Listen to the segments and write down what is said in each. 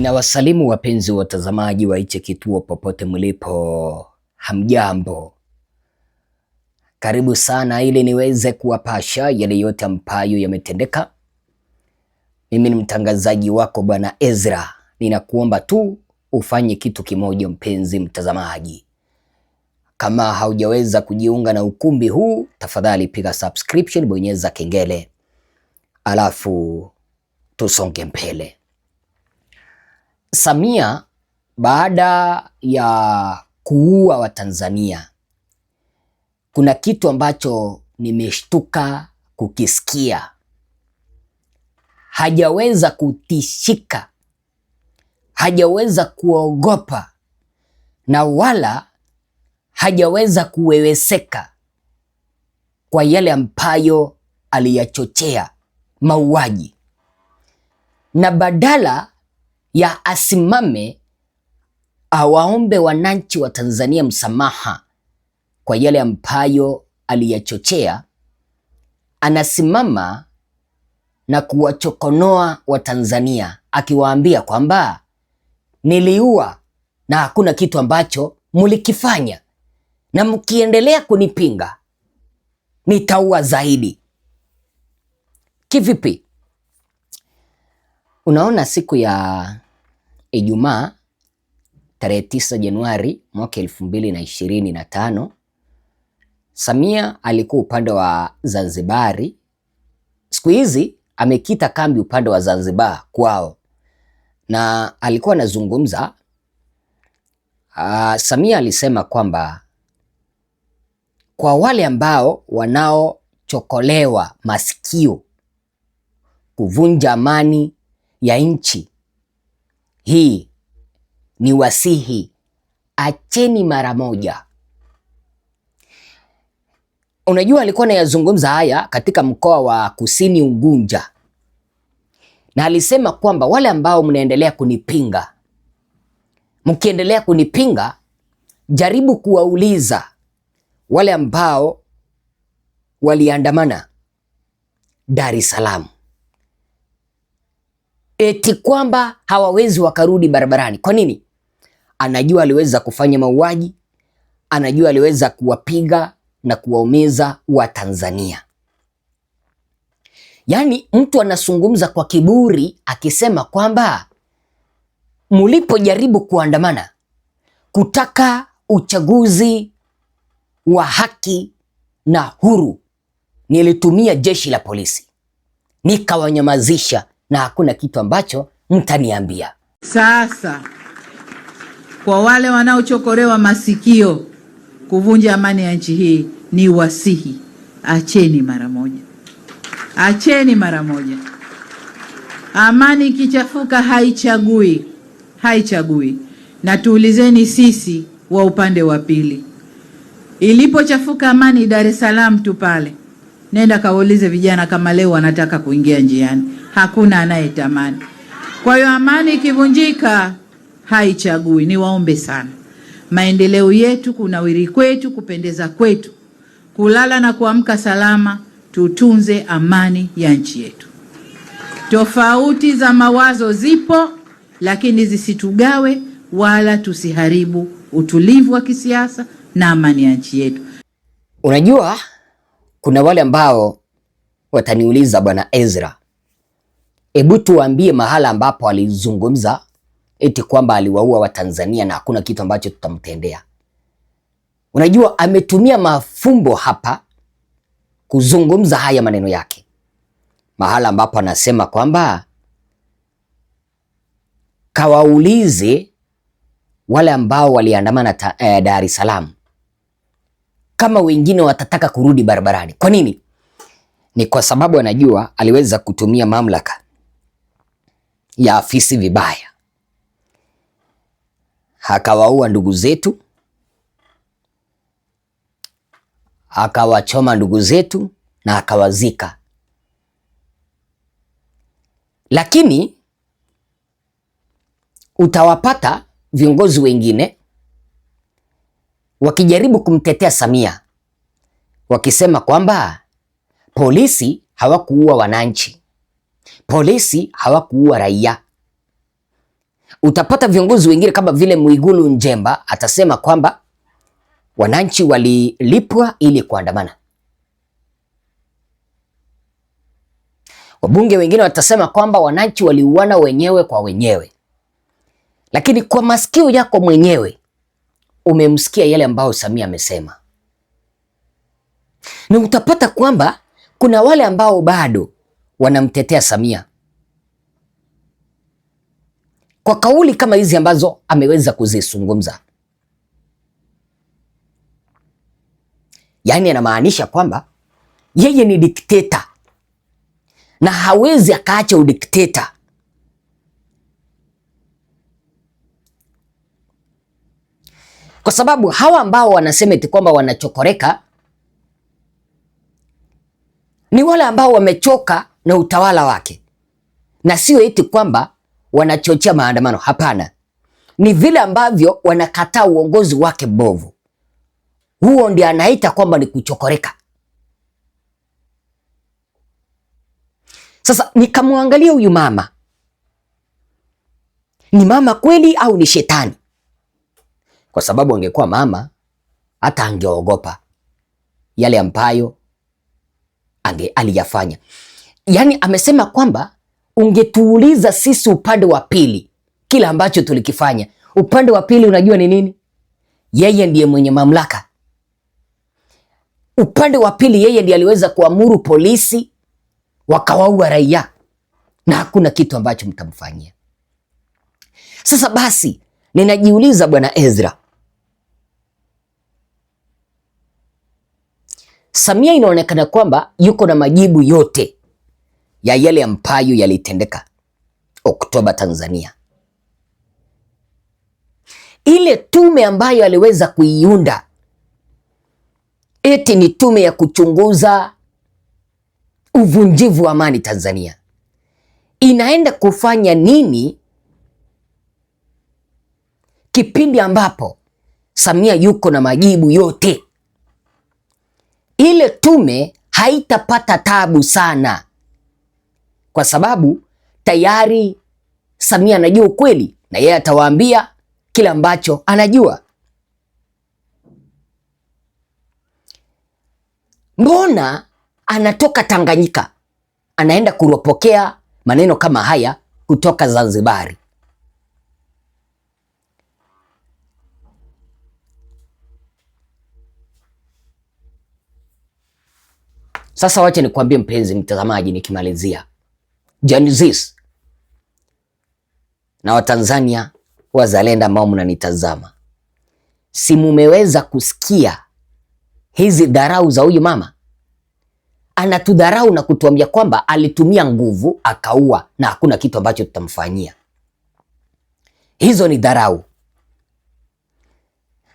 Ninawasalimu wapenzi watazamaji wa hichi kituo popote mlipo, hamjambo? Karibu sana ili niweze kuwapasha yale yote ambayo yametendeka. Mimi ni mtangazaji wako Bwana Ezra. Ninakuomba tu ufanye kitu kimoja, mpenzi mtazamaji, kama haujaweza kujiunga na ukumbi huu, tafadhali piga subscription, bonyeza kengele, alafu tusonge mbele. Samia baada ya kuua Watanzania, kuna kitu ambacho nimeshtuka kukisikia. Hajaweza kutishika, hajaweza kuogopa na wala hajaweza kuweweseka kwa yale ambayo aliyachochea mauaji, na badala ya asimame awaombe wananchi wa Tanzania msamaha kwa yale ambayo aliyachochea. Anasimama na kuwachokonoa Watanzania akiwaambia kwamba niliua na hakuna kitu ambacho mulikifanya, na mkiendelea kunipinga nitaua zaidi. Kivipi? Unaona, siku ya Ijumaa tarehe 9 Januari mwaka elfu mbili na ishirini na tano Samia alikuwa upande wa Zanzibari. Siku hizi amekita kambi upande wa Zanzibar kwao, na alikuwa anazungumza. Uh, Samia alisema kwamba kwa wale ambao wanaochokolewa masikio kuvunja amani ya nchi hii ni wasihi, acheni mara moja. Unajua, alikuwa anayazungumza haya katika mkoa wa Kusini Unguja, na alisema kwamba wale ambao mnaendelea kunipinga, mkiendelea kunipinga, jaribu kuwauliza wale ambao waliandamana Dar es Salaam eti kwamba hawawezi wakarudi barabarani. Kwa nini? Anajua aliweza kufanya mauaji, anajua aliweza kuwapiga na kuwaumiza Watanzania. Yaani mtu anazungumza kwa kiburi akisema kwamba mlipojaribu kuandamana kutaka uchaguzi wa haki na huru, nilitumia jeshi la polisi nikawanyamazisha na hakuna kitu ambacho mtaniambia. Sasa kwa wale wanaochokorewa masikio kuvunja amani ya nchi hii, ni wasihi, acheni mara moja, acheni mara moja. Amani ikichafuka haichagui, haichagui. Na tuulizeni sisi wa upande wa pili, ilipochafuka amani Dar es Salaam tu pale Nenda kaulize vijana kama leo wanataka kuingia njiani, hakuna anayetamani. Kwa hiyo amani ikivunjika haichagui. Niwaombe sana, maendeleo yetu, kunawiri kwetu, kupendeza kwetu, kulala na kuamka salama, tutunze amani ya nchi yetu. Tofauti za mawazo zipo, lakini zisitugawe wala tusiharibu utulivu wa kisiasa na amani ya nchi yetu. Unajua kuna wale ambao wataniuliza Bwana Ezra, hebu tuambie mahala ambapo alizungumza eti kwamba aliwaua Watanzania na hakuna kitu ambacho tutamtendea. Unajua, ametumia mafumbo hapa kuzungumza haya maneno yake, mahala ambapo anasema kwamba kawaulize wale ambao waliandamana eh, Dar es Salaam kama wengine watataka kurudi barabarani. Kwa nini? Ni kwa sababu anajua aliweza kutumia mamlaka ya afisi vibaya, akawaua ndugu zetu, akawachoma ndugu zetu na akawazika. Lakini utawapata viongozi wengine wakijaribu kumtetea Samia wakisema kwamba polisi hawakuua wananchi, polisi hawakuua raia. Utapata viongozi wengine kama vile Mwigulu Njemba atasema kwamba wananchi walilipwa ili kuandamana. Wabunge wengine watasema kwamba wananchi waliuana wenyewe kwa wenyewe, lakini kwa masikio yako mwenyewe umemsikia yale ambayo Samia amesema, na utapata kwamba kuna wale ambao bado wanamtetea Samia kwa kauli kama hizi ambazo ameweza kuzizungumza. Yaani anamaanisha kwamba yeye ni dikteta na hawezi akaacha udikteta Kwa sababu hawa ambao wanasema eti kwamba wanachokoreka ni wale ambao wamechoka na utawala wake, na sio eti kwamba wanachochea maandamano. Hapana, ni vile ambavyo wanakataa uongozi wake mbovu. Huo ndio anaita kwamba ni kuchokoreka. Sasa nikamwangalia huyu mama, ni mama kweli au ni shetani? kwa sababu angekuwa mama hata angeogopa yale ambayo ange aliyafanya. Yaani amesema kwamba ungetuuliza sisi upande wa pili kila ambacho tulikifanya. Upande wa pili unajua ni nini? Yeye ndiye mwenye mamlaka. Upande wa pili, yeye ndiye aliweza kuamuru polisi wakawaua raia na hakuna kitu ambacho mtamfanyia. Sasa basi, ninajiuliza Bwana Ezra Samia inaonekana kwamba yuko na majibu yote ya yale ambayo yalitendeka Oktoba Tanzania. Ile tume ambayo aliweza kuiunda eti ni tume ya kuchunguza uvunjivu wa amani Tanzania, inaenda kufanya nini kipindi ambapo Samia yuko na majibu yote? ile tume haitapata tabu sana, kwa sababu tayari Samia anajua ukweli na yeye atawaambia kile ambacho anajua. Mbona anatoka Tanganyika anaenda kuropokea maneno kama haya kutoka Zanzibari? Sasa wacha nikwambie mpenzi mtazamaji, nikimalizia Gen Z na Watanzania wazalenda ambao mnanitazama, si mumeweza kusikia hizi dharau za huyu mama? Anatudharau na kutuambia kwamba alitumia nguvu akaua na hakuna kitu ambacho tutamfanyia. Hizo ni dharau.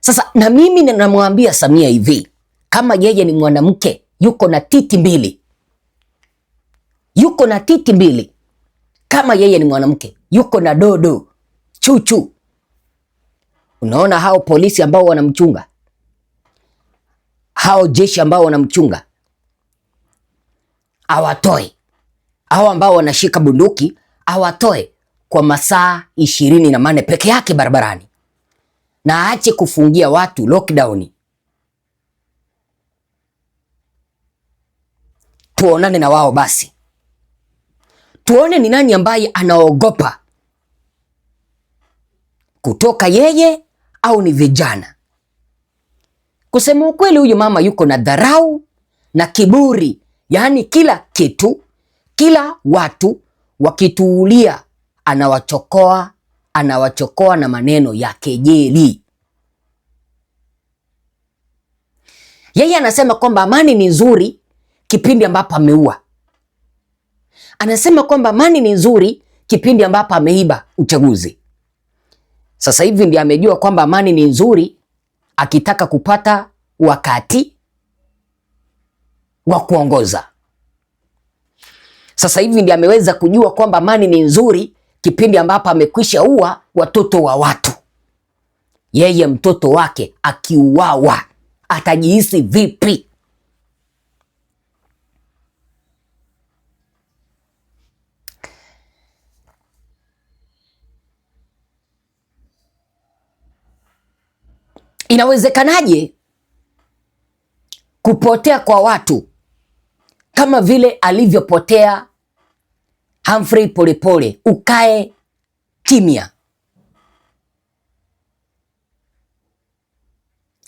Sasa na mimi namwambia Samia hivi, kama yeye ni mwanamke yuko na titi mbili, yuko na titi mbili. Kama yeye ni mwanamke, yuko na dodo chuchu. Unaona hao polisi ambao wanamchunga, hao jeshi ambao wanamchunga awatoe, hao ambao wanashika bunduki awatoe kwa masaa ishirini na manne peke yake barabarani, na aache kufungia watu lockdowni. tuonane na wao basi, tuone ni nani ambaye anaogopa kutoka yeye au ni vijana. Kusema ukweli, huyu mama yuko na dharau na kiburi, yaani kila kitu, kila watu wakituulia anawachokoa, anawachokoa na maneno ya kejeli. Yeye anasema kwamba amani ni nzuri, kipindi ambapo ameua. Anasema kwamba amani ni nzuri kipindi ambapo ameiba uchaguzi. Sasa hivi ndiye amejua kwamba amani ni nzuri akitaka kupata wakati wa kuongoza. Sasa hivi ndiye ameweza kujua kwamba amani ni nzuri kipindi ambapo amekwisha ua watoto wa watu. Yeye mtoto wake akiuawa atajihisi vipi? Inawezekanaje kupotea kwa watu kama vile alivyopotea Humphrey Polepole, ukae kimya?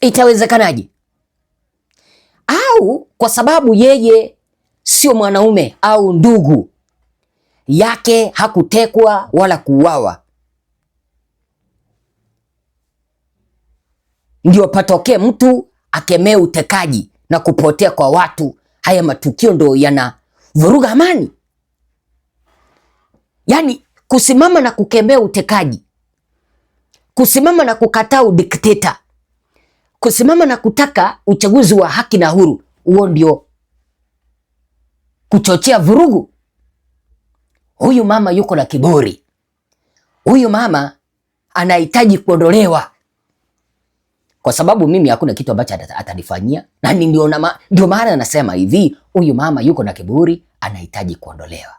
Itawezekanaje? Au kwa sababu yeye sio mwanaume au ndugu yake hakutekwa wala kuuawa ndio patokee mtu akemee utekaji na kupotea kwa watu. Haya matukio ndio vuruga amani. Yaani kusimama na kukemea utekaji, kusimama na kukataa udikteta, kusimama na kutaka uchaguzi wa haki na huru, huo ndio kuchochea vurugu. Huyu mama yuko na kiburi, huyu mama anahitaji kuondolewa kwa sababu mimi hakuna kitu ambacho atanifanyia na ndio maana anasema hivi, huyu mama yuko na kiburi, anahitaji kuondolewa.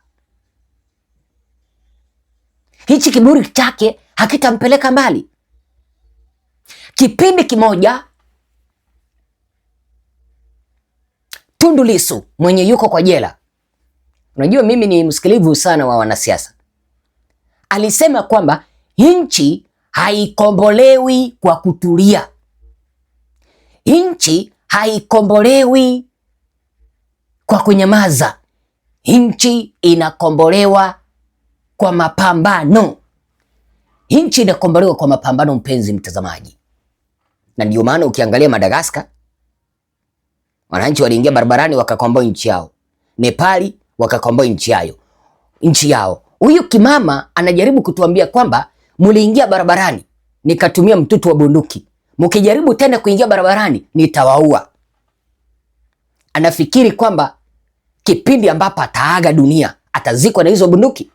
Hichi kiburi chake hakitampeleka mbali. Kipindi kimoja Tundu Lissu mwenye yuko kwa jela, unajua mimi ni msikilivu sana wa wanasiasa, alisema kwamba nchi haikombolewi kwa kutulia Nchi haikombolewi kwa kunyamaza, nchi inakombolewa kwa mapambano. Nchi inakombolewa kwa mapambano, mpenzi mtazamaji, na ndio maana ukiangalia Madagaskar wananchi waliingia barabarani wakakomboa nchi yao. Nepali wakakomboa nchi yao, nchi yao. Huyu kimama anajaribu kutuambia kwamba muliingia barabarani nikatumia mtutu wa bunduki mkijaribu tena kuingia barabarani nitawaua. Anafikiri kwamba kipindi ambapo ataaga dunia atazikwa na hizo bunduki,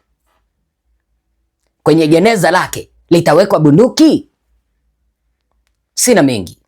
kwenye jeneza lake litawekwa bunduki. Sina mengi.